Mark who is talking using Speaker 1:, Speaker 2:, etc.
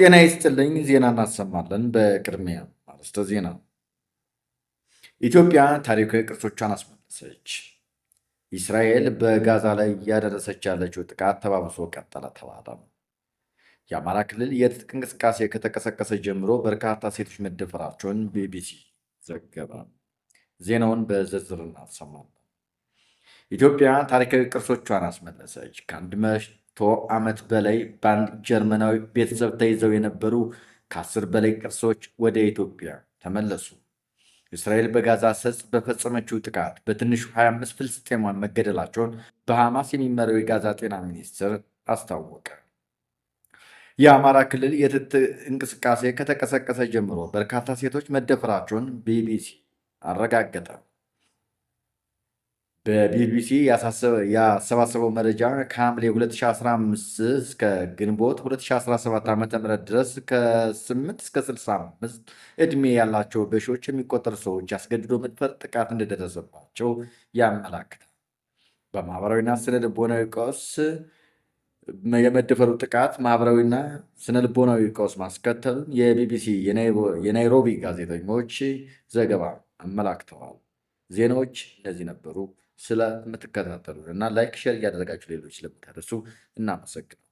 Speaker 1: ጤና ይስጥልኝ። ዜና እናሰማለን። በቅድሚያ አርዕስተ ዜና። ኢትዮጵያ ታሪካዊ ቅርሶቿን አስመለሰች። እስራኤል በጋዛ ላይ እያደረሰች ያለችው ጥቃት ተባብሶ ቀጠለ ተባለ። የአማራ ክልል የትጥቅ እንቅስቃሴ ከተቀሰቀሰ ጀምሮ በርካታ ሴቶች መደፈራቸውን ቢቢሲ ዘገበ። ዜናውን በዝርዝር እናሰማለን። ኢትዮጵያ ታሪካዊ ቅርሶቿን አስመለሰች። ከአንድ ዓመት በላይ በአንድ ጀርመናዊ ቤተሰብ ተይዘው የነበሩ ከአስር በላይ ቅርሶች ወደ ኢትዮጵያ ተመለሱ። እስራኤል በጋዛ ሰርጥ በፈጸመችው ጥቃት በትንሹ 25 ፍልስጤማውያን መገደላቸውን በሐማስ የሚመራው የጋዛ ጤና ሚኒስትር አስታወቀ። የአማራ ክልል የትጥቅ እንቅስቃሴ ከተቀሰቀሰ ጀምሮ በርካታ ሴቶች መደፈራቸውን ቢቢሲ አረጋገጠ። በቢቢሲ ያሰባሰበው መረጃ ከሐምሌ 2015 እስከ ግንቦት 2017 ም ድረስ ከ8 እስከ 65 ዕድሜ ያላቸው በሺዎች የሚቆጠሩ ሰዎች አስገድዶ መድፈር ጥቃት እንደደረሰባቸው ያመላክታል። በማህበራዊና ስነ ልቦናዊ ቀውስ የመደፈሩ ጥቃት ማህበራዊና ስነ ልቦናዊ ቀውስ ማስከተል የቢቢሲ የናይሮቢ ጋዜጠኞች ዘገባ አመላክተዋል። ዜናዎች እነዚህ ነበሩ። ስለምትከታተሉ እና ላይክ ሼር እያደረጋችሁ ሌሎች ስለምታደርሱ እናመሰግናል።